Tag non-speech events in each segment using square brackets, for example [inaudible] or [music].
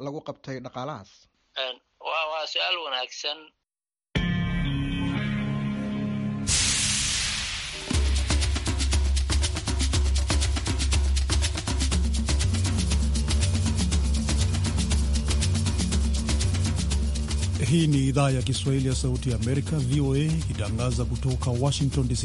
lagu qabtay dhaqaalahaas waa su-aal wanaagsan Hii ni idhaa ya Kiswahili ya Sauti ya Amerika, VOA, ikitangaza kutoka Washington DC.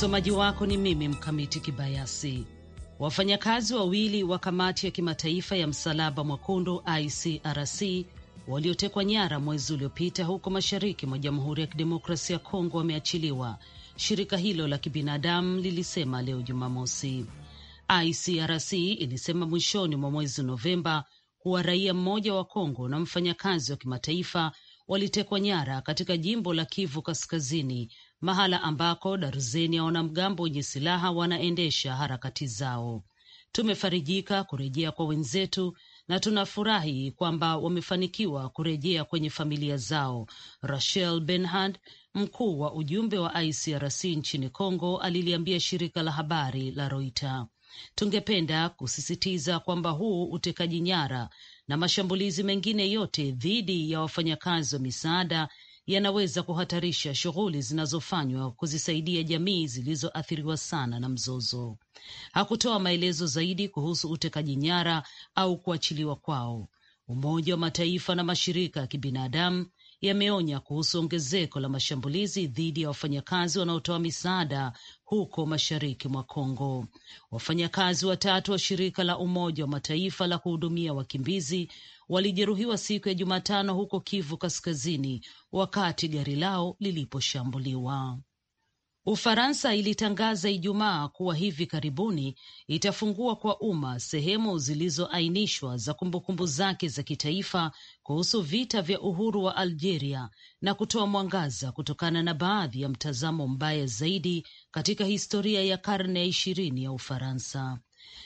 Msomaji wako ni mimi Mkamiti Kibayasi. Wafanyakazi wawili wa kamati ya kimataifa ya msalaba mwekundu ICRC waliotekwa nyara mwezi uliopita huko mashariki mwa Jamhuri ya Kidemokrasia ya Kongo wameachiliwa, shirika hilo la kibinadamu lilisema leo Jumamosi. ICRC ilisema mwishoni mwa mwezi Novemba kuwa raia mmoja wa Kongo na mfanyakazi wa kimataifa walitekwa nyara katika jimbo la Kivu Kaskazini mahala ambako darzeni ya wanamgambo wenye silaha wanaendesha harakati zao. Tumefarijika kurejea kwa wenzetu na tunafurahi kwamba wamefanikiwa kurejea kwenye familia zao, Rachel Benhard, mkuu wa ujumbe wa ICRC nchini Congo, aliliambia shirika la habari la Roita. Tungependa kusisitiza kwamba huu utekaji nyara na mashambulizi mengine yote dhidi ya wafanyakazi wa misaada yanaweza kuhatarisha shughuli zinazofanywa kuzisaidia jamii zilizoathiriwa sana na mzozo. Hakutoa maelezo zaidi kuhusu utekaji nyara au kuachiliwa kwao. Umoja wa Mataifa na mashirika ya kibinadamu yameonya kuhusu ongezeko la mashambulizi dhidi ya wafanyakazi wanaotoa misaada huko mashariki mwa Kongo. Wafanyakazi watatu wa shirika la Umoja wa Mataifa la kuhudumia wakimbizi walijeruhiwa siku ya Jumatano huko Kivu Kaskazini wakati gari lao liliposhambuliwa. Ufaransa ilitangaza Ijumaa kuwa hivi karibuni itafungua kwa umma sehemu zilizoainishwa za kumbukumbu zake za kitaifa kuhusu vita vya uhuru wa Algeria na kutoa mwangaza kutokana na baadhi ya mtazamo mbaya zaidi katika historia ya karne ya ishirini ya Ufaransa.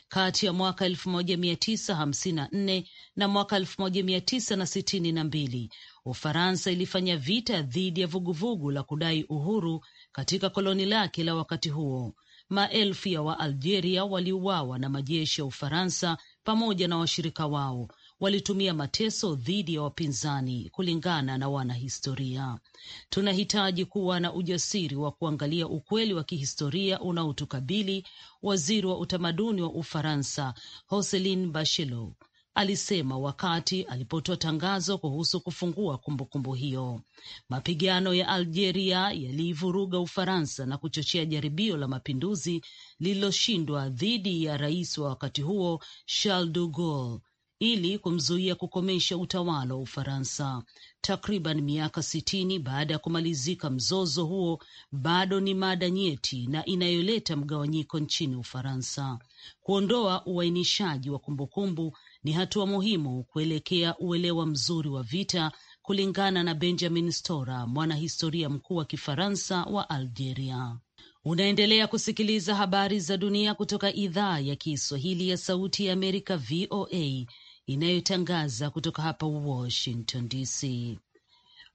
Kati ya mwaka 1954 na mwaka 1962 Ufaransa ilifanya vita dhidi ya vuguvugu la kudai uhuru katika koloni lake la wakati huo. Maelfu ya Waalgeria waliuawa na majeshi ya Ufaransa pamoja na washirika wao walitumia mateso dhidi ya wapinzani. Kulingana na wanahistoria, tunahitaji kuwa na ujasiri wa kuangalia ukweli wa kihistoria unaotukabili, waziri wa utamaduni wa Ufaransa Hoselin Bachelot alisema wakati alipotoa tangazo kuhusu kufungua kumbukumbu -kumbu hiyo. Mapigano ya Algeria yaliivuruga Ufaransa na kuchochea jaribio la mapinduzi lililoshindwa dhidi ya rais wa wakati huo Charles de Gaulle ili kumzuia kukomesha utawala wa Ufaransa. Takriban miaka sitini baada ya kumalizika mzozo huo, bado ni mada nyeti na inayoleta mgawanyiko nchini Ufaransa. Kuondoa uainishaji wa kumbukumbu ni hatua muhimu kuelekea uelewa mzuri wa vita, kulingana na Benjamin Stora, mwanahistoria mkuu wa Kifaransa wa Algeria. Unaendelea kusikiliza habari za dunia kutoka idhaa ya Kiswahili ya Sauti ya Amerika, VOA, inayotangaza kutoka hapa Washington DC.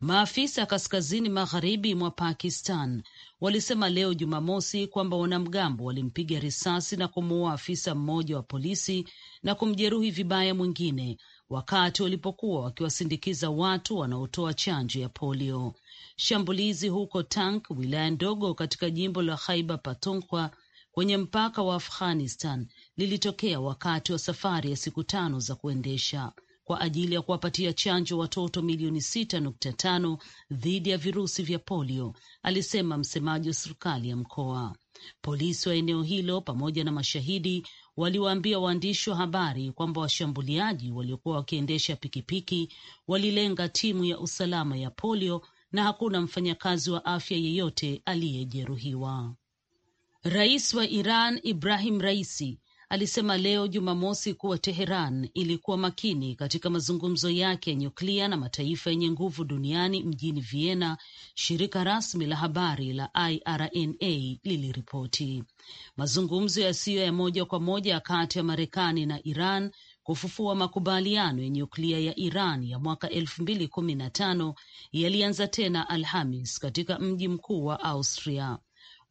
Maafisa kaskazini magharibi mwa Pakistan walisema leo Jumamosi kwamba wanamgambo walimpiga risasi na kumuua afisa mmoja wa polisi na kumjeruhi vibaya mwingine wakati walipokuwa wakiwasindikiza watu wanaotoa chanjo ya polio. Shambulizi huko Tank, wilaya ndogo katika jimbo la Khyber Pakhtunkhwa kwenye mpaka wa Afghanistan, lilitokea wakati wa safari ya siku tano za kuendesha kwa ajili ya kuwapatia chanjo watoto milioni sita nukta tano dhidi ya virusi vya polio, alisema msemaji wa serikali ya mkoa. Polisi wa eneo hilo pamoja na mashahidi waliwaambia waandishi wa habari kwamba washambuliaji waliokuwa wakiendesha pikipiki walilenga timu ya usalama ya polio na hakuna mfanyakazi wa afya yeyote aliyejeruhiwa. Rais wa Iran Ibrahim Raisi alisema leo Jumamosi kuwa Teheran ilikuwa makini katika mazungumzo yake ya nyuklia na mataifa yenye nguvu duniani mjini Vienna, shirika rasmi la habari la IRNA liliripoti. Mazungumzo yasiyo ya moja kwa moja kati ya Marekani na Iran kufufua makubaliano ya nyuklia ya Iran ya mwaka elfu mbili kumi na tano yalianza tena Alhamis katika mji mkuu wa Austria.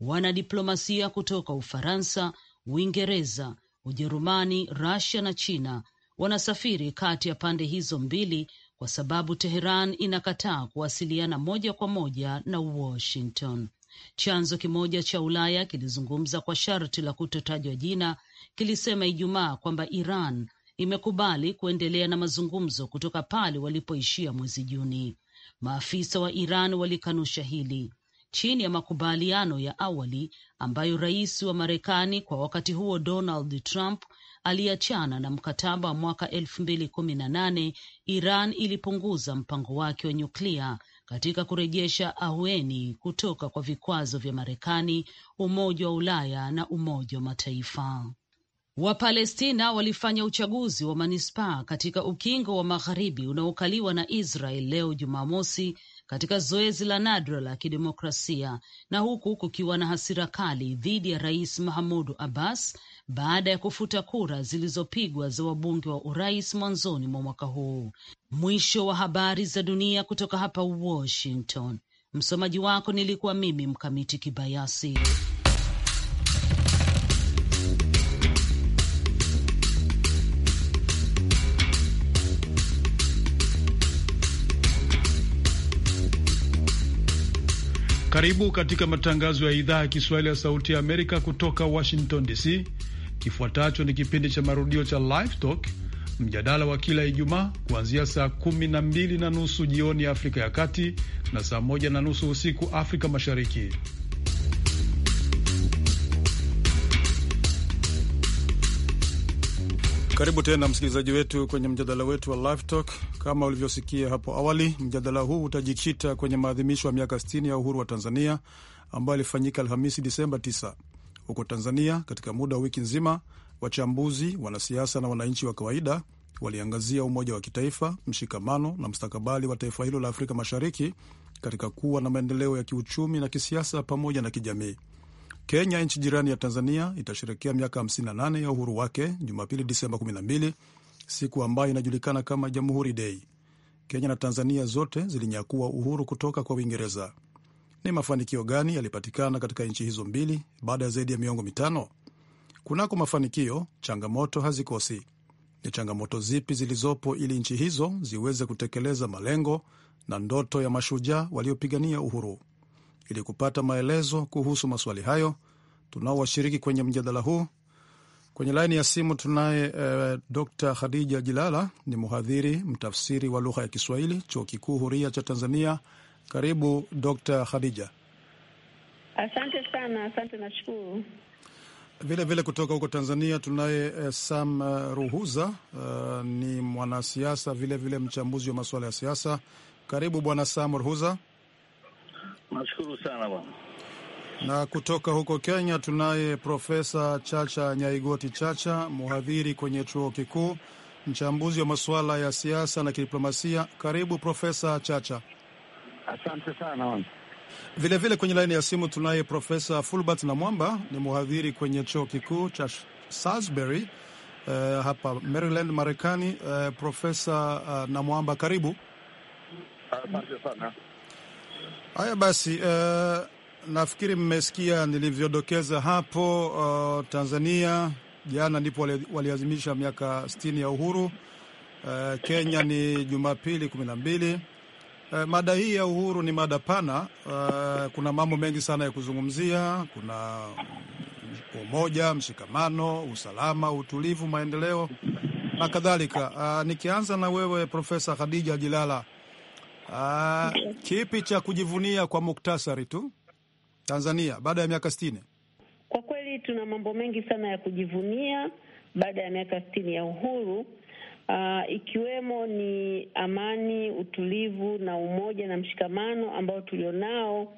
Wanadiplomasia kutoka Ufaransa, Uingereza, Ujerumani, rasia na China wanasafiri kati ya pande hizo mbili kwa sababu Teheran inakataa kuwasiliana moja kwa moja na Washington. Chanzo kimoja cha Ulaya kilizungumza kwa sharti la kutotajwa jina, kilisema Ijumaa kwamba Iran imekubali kuendelea na mazungumzo kutoka pale walipoishia mwezi Juni. Maafisa wa Iran walikanusha hili chini ya makubaliano ya awali ambayo rais wa Marekani kwa wakati huo Donald Trump aliachana na mkataba wa mwaka elfu mbili kumi na nane Iran ilipunguza mpango wake wa nyuklia katika kurejesha ahueni kutoka kwa vikwazo vya Marekani, Umoja wa Ulaya na Umoja wa Mataifa. Wapalestina walifanya uchaguzi wa manispaa katika ukingo wa magharibi unaokaliwa na Israel leo Jumamosi, katika zoezi la nadra la kidemokrasia na huku kukiwa na hasira kali dhidi ya Rais Mahamudu Abbas baada ya kufuta kura zilizopigwa za wabunge wa urais mwanzoni mwa mwaka huu. Mwisho wa habari za dunia kutoka hapa Washington. Msomaji wako nilikuwa mimi Mkamiti Kibayasi. Karibu katika matangazo ya idhaa ya Kiswahili ya Sauti ya Amerika kutoka Washington DC. Kifuatacho ni kipindi cha marudio cha Live Talk, mjadala wa kila Ijumaa kuanzia saa kumi na mbili na nusu jioni Afrika ya Kati na saa moja na nusu usiku Afrika Mashariki. Karibu tena msikilizaji wetu kwenye mjadala wetu wa Live Talk. Kama ulivyosikia hapo awali, mjadala huu utajikita kwenye maadhimisho ya miaka 60 ya uhuru wa Tanzania ambayo ilifanyika Alhamisi Disemba 9 huko Tanzania. Katika muda wa wiki nzima, wachambuzi, wanasiasa na wananchi wa kawaida waliangazia umoja wa kitaifa, mshikamano na mstakabali wa taifa hilo la Afrika Mashariki katika kuwa na maendeleo ya kiuchumi na kisiasa pamoja na kijamii. Kenya, nchi jirani ya Tanzania, itasherekea miaka 58 ya uhuru wake Jumapili, Disemba 12, siku ambayo inajulikana kama Jamhuri Dei. Kenya na Tanzania zote zilinyakua uhuru kutoka kwa Uingereza. Ni mafanikio gani yalipatikana katika nchi hizo mbili baada ya zaidi ya miongo mitano? Kunako mafanikio, changamoto hazikosi. Ni changamoto zipi zilizopo ili nchi hizo ziweze kutekeleza malengo na ndoto ya mashujaa waliopigania uhuru? Ili kupata maelezo kuhusu maswali hayo tunao washiriki kwenye mjadala huu kwenye laini ya simu tunaye eh, Dr Khadija Jilala ni mhadhiri mtafsiri wa lugha ya Kiswahili, Chuo Kikuu Huria cha Tanzania. Karibu Dr Khadija. Asante sana. Asante nashukuru. Vile vile kutoka huko Tanzania tunaye eh, Sam eh, Ruhuza uh, ni mwanasiasa vilevile mchambuzi wa masuala ya siasa. Karibu Bwana Sam Ruhuza. Nashukuru sana bwana. Na kutoka huko Kenya tunaye Profesa Chacha Nyaigoti Chacha, mhadhiri kwenye chuo kikuu, mchambuzi wa masuala ya siasa na kidiplomasia. Karibu Profesa Chacha. Asante sana bwana. Vilevile vile kwenye laini ya simu tunaye Profesa Fulbert na Mwamba, ni mhadhiri kwenye chuo kikuu cha Salisbury Uh, hapa Maryland Marekani. Uh, Profesa uh, Namwamba, karibu. Asante sana. Haya basi, uh, nafikiri mmesikia nilivyodokeza hapo. Uh, Tanzania jana ndipo waliazimisha miaka 60 ya uhuru. Uh, Kenya ni Jumapili kumi na mbili. Uh, mada hii ya uhuru ni mada pana. Uh, kuna mambo mengi sana ya kuzungumzia. Kuna umoja, mshikamano, usalama, utulivu, maendeleo na kadhalika. Uh, nikianza na wewe Profesa Khadija Jilala Ah, kipi cha kujivunia kwa muktasari tu Tanzania baada ya miaka sitini? Kwa kweli tuna mambo mengi sana ya kujivunia baada ya miaka sitini ya uhuru. Uh, ikiwemo ni amani, utulivu na umoja na mshikamano ambao tulionao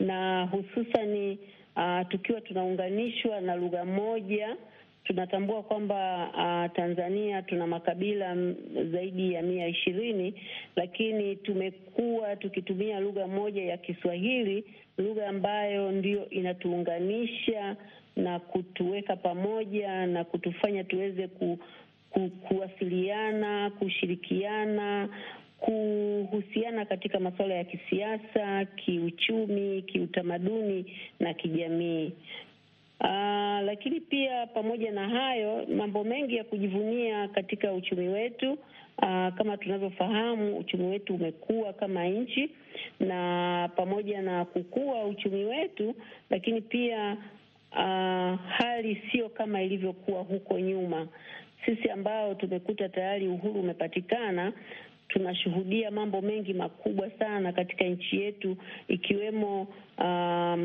na hususani uh, ah, tukiwa tunaunganishwa na lugha moja tunatambua kwamba uh, Tanzania tuna makabila zaidi ya mia ishirini, lakini tumekuwa tukitumia lugha moja ya Kiswahili, lugha ambayo ndio inatuunganisha na kutuweka pamoja na kutufanya tuweze ku, ku, kuwasiliana, kushirikiana kuhusiana katika masuala ya kisiasa, kiuchumi, kiutamaduni na kijamii. Uh, lakini pia pamoja na hayo mambo mengi ya kujivunia katika uchumi wetu. Uh, kama tunavyofahamu uchumi wetu umekuwa kama nchi, na pamoja na kukua uchumi wetu, lakini pia uh, hali sio kama ilivyokuwa huko nyuma. Sisi ambao tumekuta tayari uhuru umepatikana, tunashuhudia mambo mengi makubwa sana katika nchi yetu ikiwemo uh,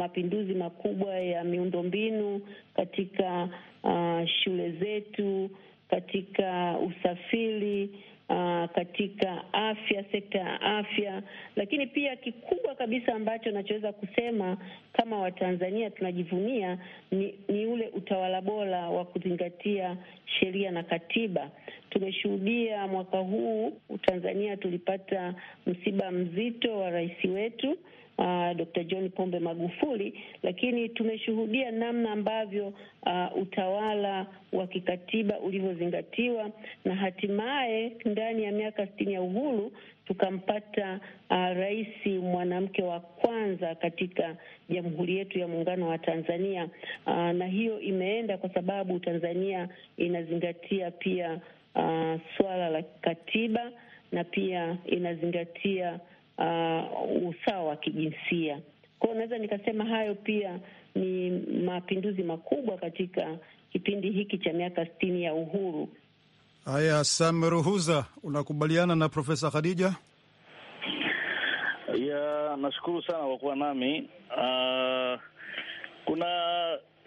mapinduzi makubwa ya miundombinu katika uh, shule zetu, katika usafiri Aa, ah, katika afya, sekta ya afya, lakini pia kikubwa kabisa ambacho nachoweza kusema kama Watanzania tunajivunia ni, ni ule utawala bora wa kuzingatia sheria na katiba. Tumeshuhudia mwaka huu Tanzania tulipata msiba mzito wa rais wetu uh, Dr. John Pombe Magufuli, lakini tumeshuhudia namna ambavyo uh, utawala wa kikatiba ulivyozingatiwa na hatimaye ndani ya miaka sitini ya uhuru tukampata uh, rais mwanamke wa kwanza katika jamhuri yetu ya muungano wa Tanzania. Uh, na hiyo imeenda kwa sababu Tanzania inazingatia pia uh, swala la katiba na pia inazingatia uh, usawa wa kijinsia. Kwa hiyo naweza nikasema hayo pia ni mapinduzi makubwa katika kipindi hiki cha miaka sitini ya uhuru. Haya, Samruhuza, unakubaliana na Profesa Khadija? Ya, nashukuru sana kwa kuwa nami. Uh, kuna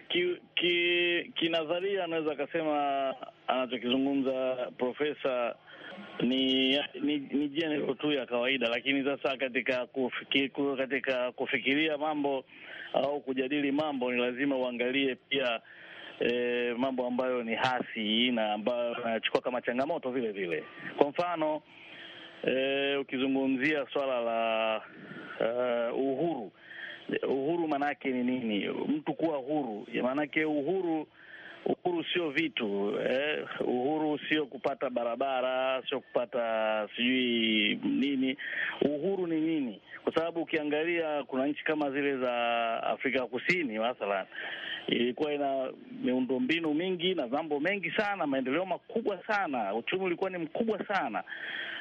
ki, ki, kinadharia anaweza akasema anachokizungumza profesa ni ni, ni general tu ya kawaida, lakini sasa katika kufiki, katika kufikiria mambo au kujadili mambo ni lazima uangalie pia E, mambo ambayo ni hasi na ambayo yanachukua kama changamoto vile vile. Kwa mfano e, ukizungumzia swala la uh, uhuru uhuru, maanake ni nini? Mtu kuwa huru, maanake uhuru uhuru sio vitu eh. Uhuru sio kupata barabara, sio kupata sijui nini. Uhuru ni nini? Kwa sababu ukiangalia kuna nchi kama zile za Afrika Kusini mathalan ilikuwa ina miundombinu mingi na mambo mengi sana, maendeleo makubwa sana, uchumi ulikuwa ni mkubwa sana,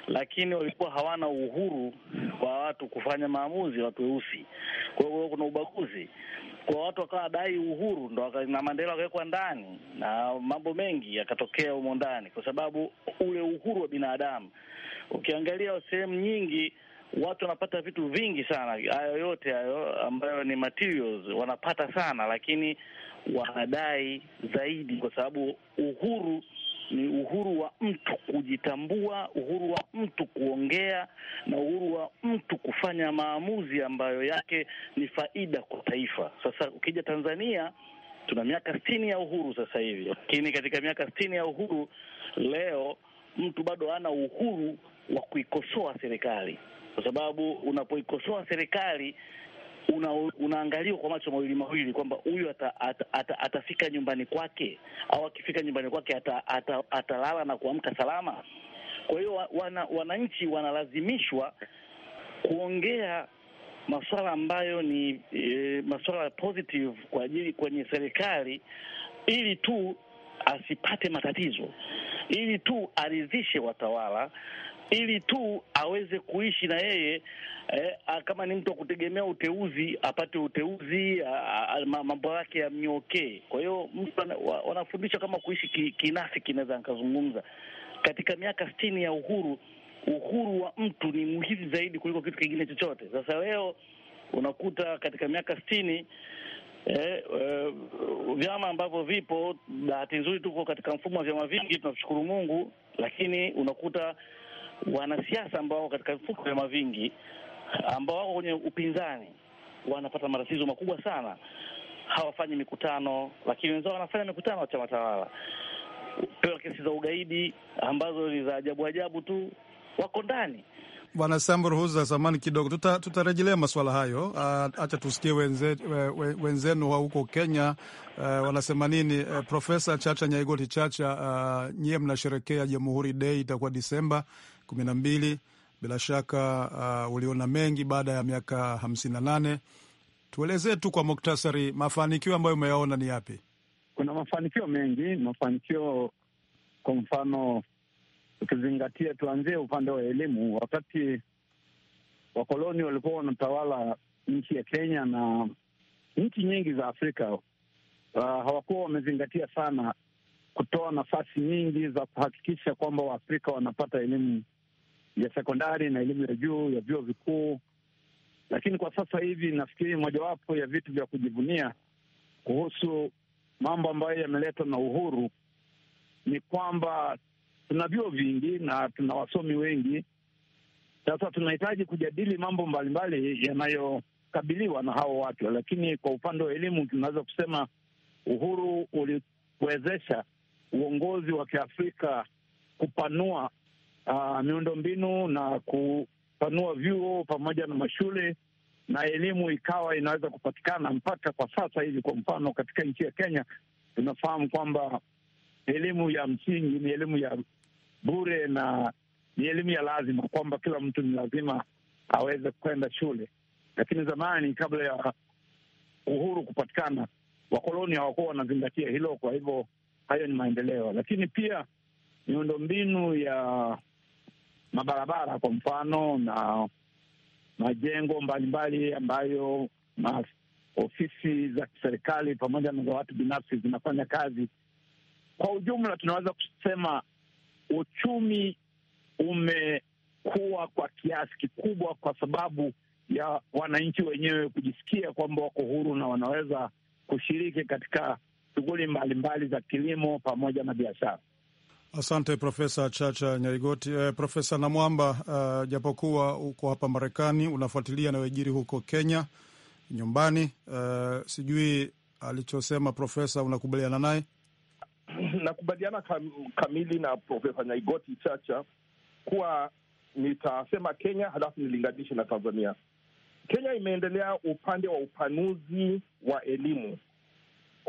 lakini walikuwa hawana uhuru wa watu kufanya maamuzi, watu weusi. Kwa hiyo kuna ubaguzi kwa watu wakawa dai uhuru ndo, na Mandela wakawekwa ndani na mambo mengi yakatokea humo ndani, kwa sababu ule uhuru wa binadamu ukiangalia sehemu nyingi watu wanapata vitu vingi sana, hayo yote hayo ambayo ni materials wanapata sana, lakini wanadai zaidi, kwa sababu uhuru ni uhuru wa mtu kujitambua, uhuru wa mtu kuongea na uhuru wa mtu kufanya maamuzi ambayo yake ni faida kwa taifa. Sasa ukija Tanzania tuna miaka sitini ya uhuru sasa hivi, lakini katika miaka sitini ya uhuru leo mtu bado hana uhuru wa kuikosoa serikali kwa sababu unapoikosoa serikali una, unaangaliwa kwa macho mawili mawili kwamba huyu atafika ata, ata, ata nyumbani kwake au akifika nyumbani kwake atalala ata, ata na kuamka salama. Kwa hiyo wana, wananchi wanalazimishwa kuongea masuala ambayo ni e, masuala positive kwa ajili kwenye serikali ili tu asipate matatizo, ili tu aridhishe watawala ili tu aweze kuishi na yeye eh, kama ni mtu wa kutegemea uteuzi apate uteuzi, mambo yake yamnyokee. Kwa hiyo mtu wanafundisha kama kuishi ki, kinafiki, naweza nikazungumza katika miaka sitini ya uhuru. Uhuru wa mtu ni muhimu zaidi kuliko kitu kingine chochote. Sasa leo unakuta katika miaka sitini Eh, eh, vyama ambavyo vipo, bahati nzuri tuko katika mfumo wa vyama vingi, tunamshukuru Mungu, lakini unakuta wanasiasa ambao wako katika mfuko ya vyama vingi ambao wako kwenye upinzani wanapata matatizo makubwa sana, hawafanyi mikutano, lakini wenzao wanafanya mikutano wa chama tawala, pewa kesi za ugaidi ambazo ni za ajabu ajabu tu, wako ndani. Bwana Sambo, ruhusa samani kidogo, tutarejelea tuta masuala hayo. Hacha ah, tusikie wenze, we, wenzenu wa huko Kenya uh, wanasema nini? Uh, Profesa Chacha Nyaigoti Chacha, uh, nyie mnasherekea Jamhuri Dei, itakuwa Disemba kumi na mbili. Bila shaka uh, uliona mengi baada ya miaka hamsini na nane. Tuelezee tu kwa muktasari mafanikio ambayo umeyaona ni yapi? Kuna mafanikio mengi, mafanikio kwa mfano ukizingatia tuanzie upande wa elimu. Wakati wakoloni walikuwa wanatawala nchi ya Kenya na nchi nyingi za Afrika, uh, hawakuwa wamezingatia sana kutoa nafasi nyingi za kuhakikisha kwamba Waafrika wanapata elimu ya sekondari na elimu ya juu ya vyuo vikuu. Lakini kwa sasa hivi nafikiri mojawapo ya vitu vya kujivunia kuhusu mambo ambayo yameletwa na uhuru ni kwamba tuna vyuo vingi na tuna wasomi wengi. Sasa tunahitaji kujadili mambo mbalimbali yanayokabiliwa na hao watu, lakini kwa upande wa elimu tunaweza kusema uhuru uliwezesha uongozi wa Kiafrika kupanua uh, miundombinu na kupanua vyuo pamoja na mashule na elimu ikawa inaweza kupatikana mpaka kwa sasa hivi. Kwa mfano, katika nchi ya Kenya tunafahamu kwamba elimu ya msingi ni elimu ya bure na ni elimu ya lazima, kwamba kila mtu ni lazima aweze kwenda shule. Lakini zamani, kabla ya uhuru kupatikana, wakoloni hawakuwa wanazingatia hilo. Kwa hivyo hayo ni maendeleo, lakini pia miundombinu ya mabarabara kwa mfano na majengo mbalimbali ambayo ma ofisi za kiserikali pamoja na za watu binafsi zinafanya kazi. Kwa ujumla, tunaweza kusema uchumi umekuwa kwa kiasi kikubwa kwa sababu ya wananchi wenyewe kujisikia kwamba wako huru na wanaweza kushiriki katika shughuli mbalimbali za kilimo pamoja na biashara. Asante Profesa Chacha Nyaigoti. Eh, Profesa Namwamba, uh, japokuwa uko hapa Marekani unafuatilia wejiri huko Kenya nyumbani, uh, sijui alichosema profesa unakubaliana naye? [clears throat] Nakubaliana kam, kamili na Profesa Nyaigoti Chacha kuwa nitasema Kenya halafu nilinganishe na Tanzania. Kenya imeendelea upande wa upanuzi wa elimu,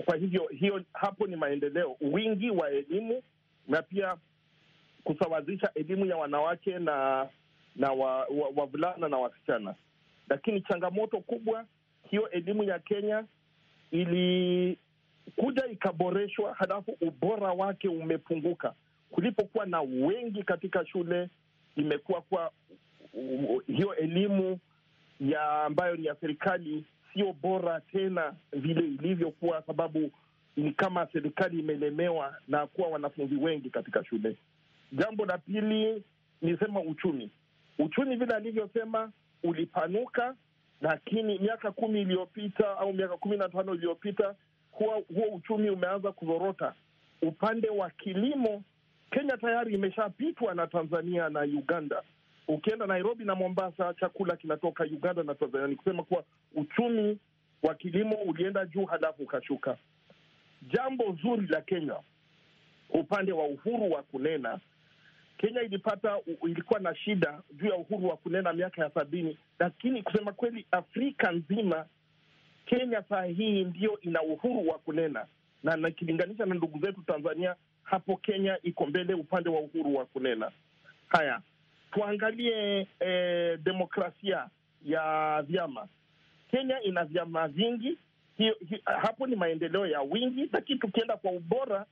kwa hivyo hiyo hapo ni maendeleo, wingi wa elimu na pia kusawazisha elimu ya wanawake na na wavulana wa, wa na wasichana. Lakini changamoto kubwa hiyo, elimu ya Kenya ilikuja ikaboreshwa, halafu ubora wake umepunguka. Kulipokuwa na wengi katika shule, imekuwa kwa hiyo elimu ya ambayo ni ya serikali sio bora tena vile ilivyokuwa, sababu ni kama serikali imelemewa na kuwa wanafunzi wengi katika shule. Jambo la pili nisema uchumi. Uchumi vile alivyosema ulipanuka, lakini miaka kumi iliyopita au miaka kumi na tano iliyopita huo uchumi umeanza kuzorota. Upande wa kilimo, Kenya tayari imeshapitwa na Tanzania na Uganda. Ukienda Nairobi na Mombasa, chakula kinatoka Uganda na Tanzania. Ni kusema kuwa uchumi wa kilimo ulienda juu halafu ukashuka jambo zuri la Kenya upande wa uhuru wa kunena. Kenya ilipata ilikuwa na shida juu ya uhuru wa kunena miaka ya sabini, lakini kusema kweli, Afrika nzima Kenya saa hii ndiyo ina uhuru wa kunena, na nakilinganisha na ndugu zetu Tanzania, hapo Kenya iko mbele upande wa uhuru wa kunena. Haya, tuangalie eh, demokrasia ya vyama. Kenya ina vyama vingi hi, hi, hapo ni maendeleo ya wingi, lakini tukienda kwa ubora,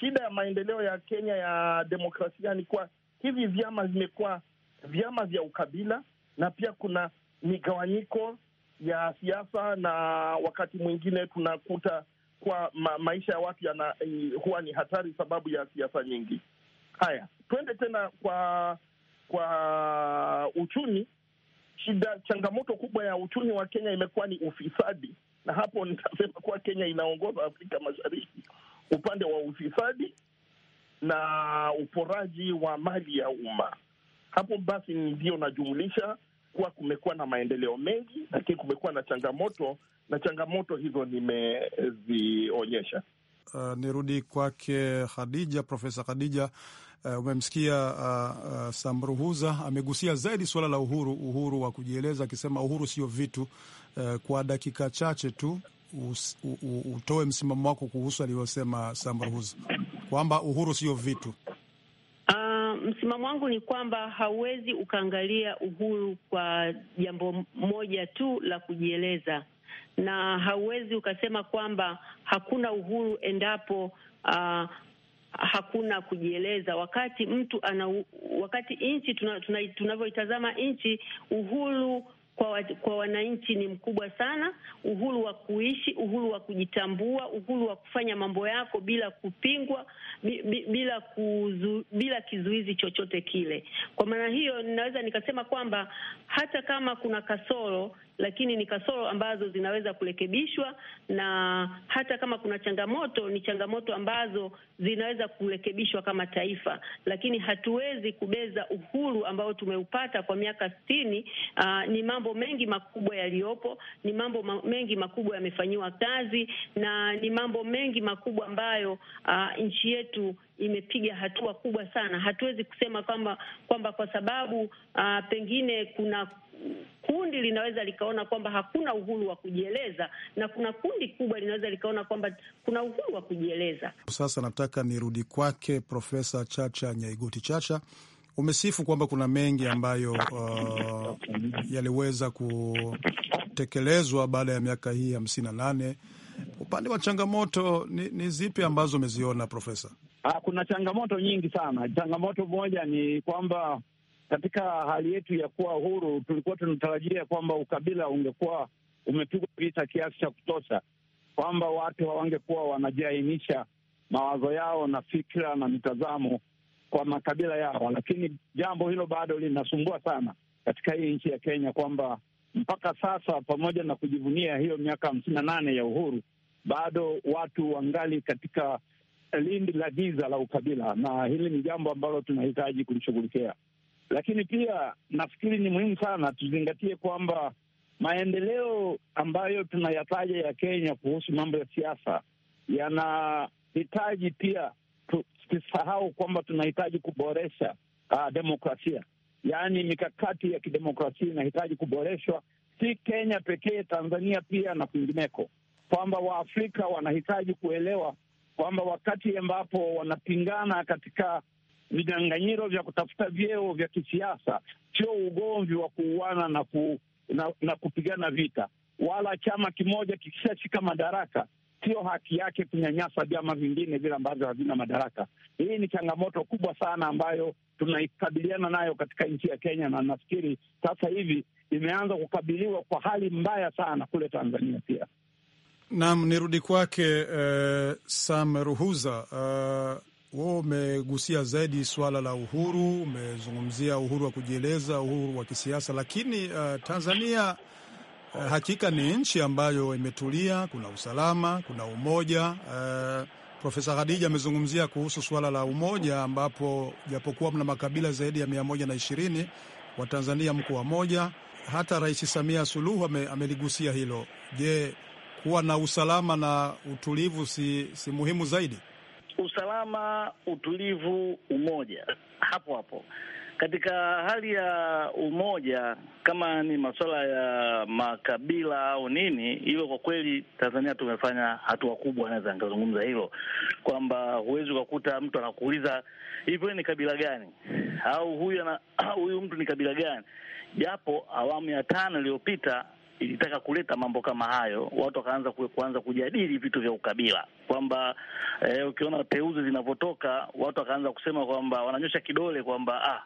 shida ya maendeleo ya Kenya ya demokrasia ni kuwa hivi vyama vimekuwa vyama vya ukabila, na pia kuna migawanyiko ya siasa, na wakati mwingine tunakuta kwa ma, maisha ya watu yana eh, huwa ni hatari sababu ya siasa nyingi. Haya, twende tena kwa kwa uchumi. Shida, changamoto kubwa ya uchumi wa Kenya imekuwa ni ufisadi na hapo nitasema kuwa Kenya inaongoza Afrika Mashariki upande wa ufisadi na uporaji wa mali ya umma. Hapo basi ndio najumulisha kuwa kumekuwa na maendeleo mengi, lakini kumekuwa na changamoto, na changamoto hizo nimezionyesha. Uh, nirudi kwake Khadija, Profesa Khadija. Uh, umemsikia uh, uh, Samruhuza amegusia zaidi suala la uhuru, uhuru wa kujieleza, akisema uhuru sio vitu Eh, kwa dakika chache tu us, u, u, utoe msimamo wako kuhusu aliyosema Samruhuza kwamba uhuru sio vitu. Uh, msimamo wangu ni kwamba hauwezi ukaangalia uhuru kwa jambo moja tu la kujieleza, na hauwezi ukasema kwamba hakuna uhuru endapo uh, hakuna kujieleza. Wakati mtu ana, wakati nchi tunavyoitazama tuna, tuna nchi, uhuru kwa, kwa wananchi ni mkubwa sana. Uhuru wa kuishi, uhuru wa kujitambua, uhuru wa kufanya mambo yako bila kupingwa, bila kuzu, bila kizuizi chochote kile. Kwa maana hiyo, ninaweza nikasema kwamba hata kama kuna kasoro lakini ni kasoro ambazo zinaweza kurekebishwa, na hata kama kuna changamoto, ni changamoto ambazo zinaweza kurekebishwa kama taifa, lakini hatuwezi kubeza uhuru ambao tumeupata kwa miaka sitini. Uh, ni mambo mengi makubwa yaliyopo, ni mambo ma mengi makubwa yamefanyiwa kazi, na ni mambo mengi makubwa ambayo uh, nchi yetu imepiga hatua kubwa sana. Hatuwezi kusema kwamba kwamba kwa sababu uh, pengine kuna kundi linaweza likaona kwamba hakuna uhuru wa kujieleza na kuna kundi kubwa linaweza likaona kwamba kuna uhuru wa kujieleza. Sasa nataka nirudi kwake Profesa Chacha Nyaigoti Chacha. Umesifu kwamba kuna mengi ambayo uh, yaliweza kutekelezwa baada ya miaka hii hamsini na nane. Upande wa changamoto ni, ni zipi ambazo umeziona Profesa? Ah, kuna changamoto nyingi sana. Changamoto moja ni kwamba katika hali yetu ya kuwa huru, tulikuwa tunatarajia kwamba ukabila ungekuwa umepigwa vita kiasi cha kutosha, kwamba watu hawangekuwa wanajiainisha mawazo yao na fikira na mitazamo kwa makabila yao, lakini jambo hilo bado linasumbua sana katika hii nchi ya Kenya, kwamba mpaka sasa pamoja na kujivunia hiyo miaka hamsini na nane ya uhuru bado watu wangali katika lindi la giza la ukabila, na hili ni jambo ambalo tunahitaji kulishughulikia. Lakini pia nafikiri ni muhimu sana tuzingatie kwamba maendeleo ambayo tunayataja ya Kenya kuhusu mambo ya siasa yanahitaji pia tusisahau kwamba tunahitaji kuboresha uh, demokrasia, yaani mikakati ya kidemokrasia inahitaji kuboreshwa, si Kenya pekee, Tanzania pia na kwingineko, kwamba Waafrika wanahitaji kuelewa kwamba wakati ambapo wanapingana katika vinyang'anyiro vya kutafuta vyeo vya kisiasa, sio ugomvi wa kuuana na, ku, na, na kupigana vita, wala chama kimoja kikishashika madaraka sio haki yake kunyanyasa vyama vingine vile ambavyo havina madaraka. Hii ni changamoto kubwa sana ambayo tunaikabiliana nayo katika nchi ya Kenya, na nafikiri sasa hivi imeanza kukabiliwa kwa hali mbaya sana kule Tanzania pia. Naam, nirudi kwake eh, Sam Ruhuza. Eh, wewe umegusia zaidi suala la uhuru, umezungumzia uhuru wa kujieleza, uhuru wa kisiasa, lakini uh, Tanzania uh, hakika ni nchi ambayo imetulia, kuna usalama, kuna umoja uh, Profesa Khadija amezungumzia kuhusu suala la umoja, ambapo japokuwa mna makabila zaidi ya mia moja na ishirini wa Tanzania mko wamoja. Hata Rais Samia Suluhu ame, ameligusia hilo. Je, kuwa na usalama na utulivu si, si muhimu zaidi? usalama, utulivu, umoja. Hapo hapo katika hali ya umoja, kama ni masuala ya makabila au nini, hilo kwa kweli Tanzania tumefanya hatua kubwa, naweza nikazungumza hilo kwamba huwezi ukakuta mtu anakuuliza hivyo ni kabila gani au huyu ana, [clears throat] huyu mtu ni kabila gani, japo awamu ya tano iliyopita ilitaka kuleta mambo kama hayo, watu wakaanza kuanza kujadili vitu vya ukabila kwamba eh, ukiona teuzi zinavyotoka watu wakaanza kusema kwamba wananyosha kidole kwamba ah,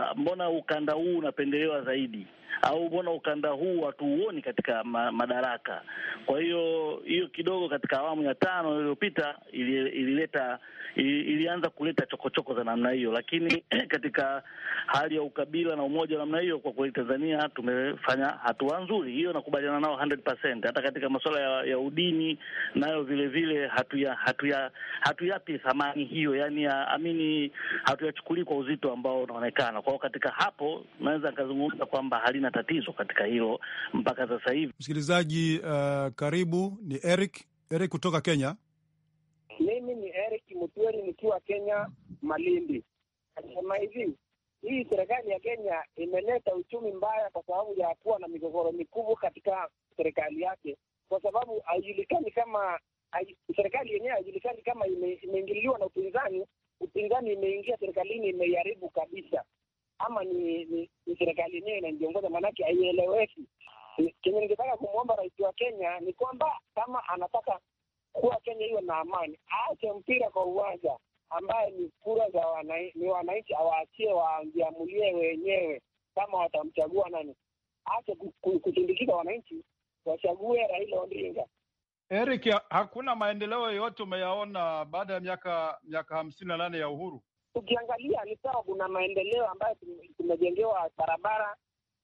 ah, mbona ukanda huu unapendelewa zaidi au mbona ukanda huu hatuuoni katika ma, madaraka? Kwa hiyo hiyo kidogo katika awamu ya tano iliyopita ilileta ili ilianza kuleta chokochoko za namna hiyo, lakini [clears throat] katika hali ya ukabila na umoja wa namna hiyo, kwa kweli Tanzania tumefanya hatua nzuri, hiyo nakubaliana nao 100%. Hata katika masuala ya, ya udini nayo vile vile hatuya hatuya hatuyapi thamani hiyo, yani ya, amini hatuyachukulii kwa uzito ambao unaonekana kwao. Katika hapo naweza nikazungumza kwamba hali halina tatizo katika hilo mpaka sasa hivi. Msikilizaji uh, karibu ni Eric Eric kutoka Kenya. Mimi ni Eric Mutweri nikiwa Kenya, Malindi. Nasema hivi, hii serikali ya Kenya imeleta uchumi mbaya kwa sababu ya kuwa na migogoro mikubwa katika serikali yake, kwa sababu haijulikani kama serikali yenyewe haijulikani kama imeingililiwa na upinzani. Upinzani imeingia serikalini, imeiharibu kabisa ama ni ni, serikali yenyewe inajiongoza, maanake haieleweki. Ah. Kenye ningetaka kumwomba rais wa Kenya ni kwamba kama anataka kuwa Kenya hiyo na amani, aache mpira kwa uwanja ambaye ni kura za ni wananchi, awaachie wajiamulie wenyewe kama watamchagua nani. Aache kusindikiza wananchi wachague Raila Odinga. Eric, hakuna maendeleo yoyote umeyaona baada ya miaka miaka hamsini na nane ya uhuru? tukiangalia ni sawa, kuna maendeleo ambayo tumejengewa barabara.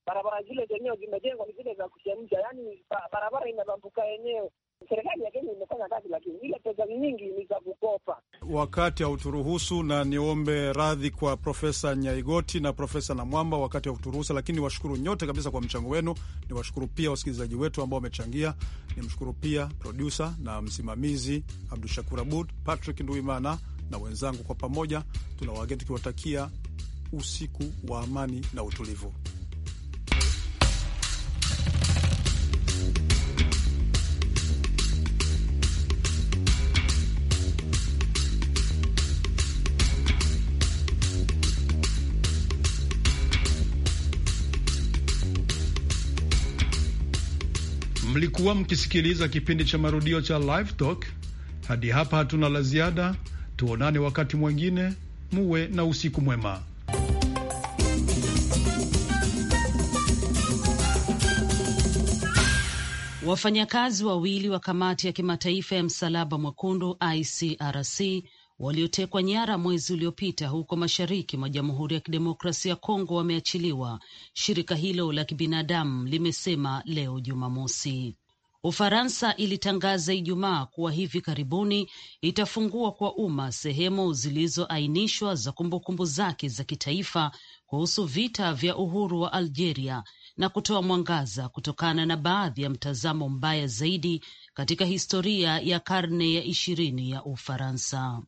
Barabara zile zenyewe zimejengwa ni zile za kuchemsha, yaani barabara inabambuka yenyewe. Serikali ya Kenya imefanya kazi, lakini ile pesa nyingi ni za kukopa. Wakati hauturuhusu, na niombe radhi kwa Profesa Nyaigoti na Profesa Namwamba, wakati hauturuhusu, lakini niwashukuru nyote kabisa kwa mchango wenu. Niwashukuru pia wasikilizaji wetu ambao wamechangia. Nimshukuru pia produsa na msimamizi Abdu Shakur Abud, Patrick Nduimana na wenzangu, kwa pamoja tuna wageni tukiwatakia usiku wa amani na utulivu. Mlikuwa mkisikiliza kipindi cha marudio cha Live Talk. Hadi hapa hatuna la ziada. Tuonane wakati mwingine, muwe na usiku mwema. Wafanyakazi wawili wa kamati ya kimataifa ya msalaba mwekundu ICRC waliotekwa nyara mwezi uliopita huko mashariki mwa Jamhuri ya Kidemokrasia ya Kongo wameachiliwa, shirika hilo la kibinadamu limesema leo Jumamosi. Ufaransa ilitangaza Ijumaa kuwa hivi karibuni itafungua kwa umma sehemu zilizoainishwa za kumbukumbu zake za kitaifa kuhusu vita vya uhuru wa Algeria na kutoa mwangaza kutokana na baadhi ya mtazamo mbaya zaidi katika historia ya karne ya ishirini ya Ufaransa.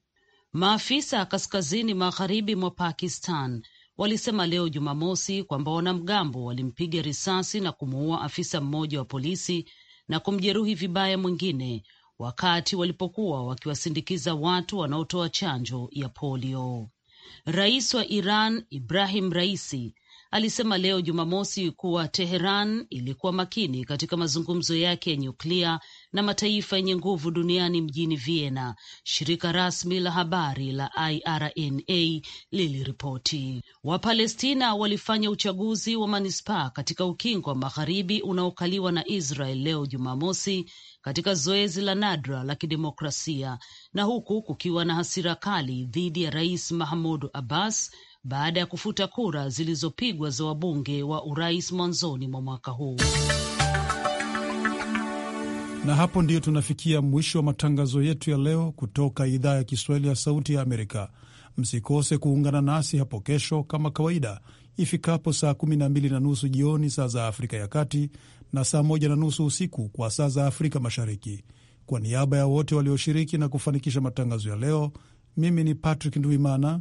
Maafisa kaskazini magharibi mwa Pakistan walisema leo Jumamosi kwamba wanamgambo walimpiga risasi na kumuua afisa mmoja wa polisi na kumjeruhi vibaya mwingine wakati walipokuwa wakiwasindikiza watu wanaotoa chanjo ya polio. Rais wa Iran Ibrahim Raisi alisema leo Jumamosi kuwa Teheran ilikuwa makini katika mazungumzo yake ya nyuklia na mataifa yenye nguvu duniani mjini Vienna, shirika rasmi la habari la IRNA liliripoti. Wapalestina walifanya uchaguzi wa manispaa katika ukingo wa magharibi unaokaliwa na Israel leo Jumamosi katika zoezi la nadra la kidemokrasia na huku kukiwa na hasira kali dhidi ya Rais Mahmud Abbas baada ya kufuta kura zilizopigwa za wabunge wa urais mwanzoni mwa mwaka huu. Na hapo ndiyo tunafikia mwisho wa matangazo yetu ya leo kutoka idhaa ya Kiswahili ya Sauti ya Amerika. Msikose kuungana nasi hapo kesho kama kawaida ifikapo saa 12 na nusu jioni saa za Afrika ya Kati na saa moja na nusu usiku kwa saa za Afrika Mashariki. Kwa niaba ya wote walioshiriki na kufanikisha matangazo ya leo, mimi ni Patrick Ndwimana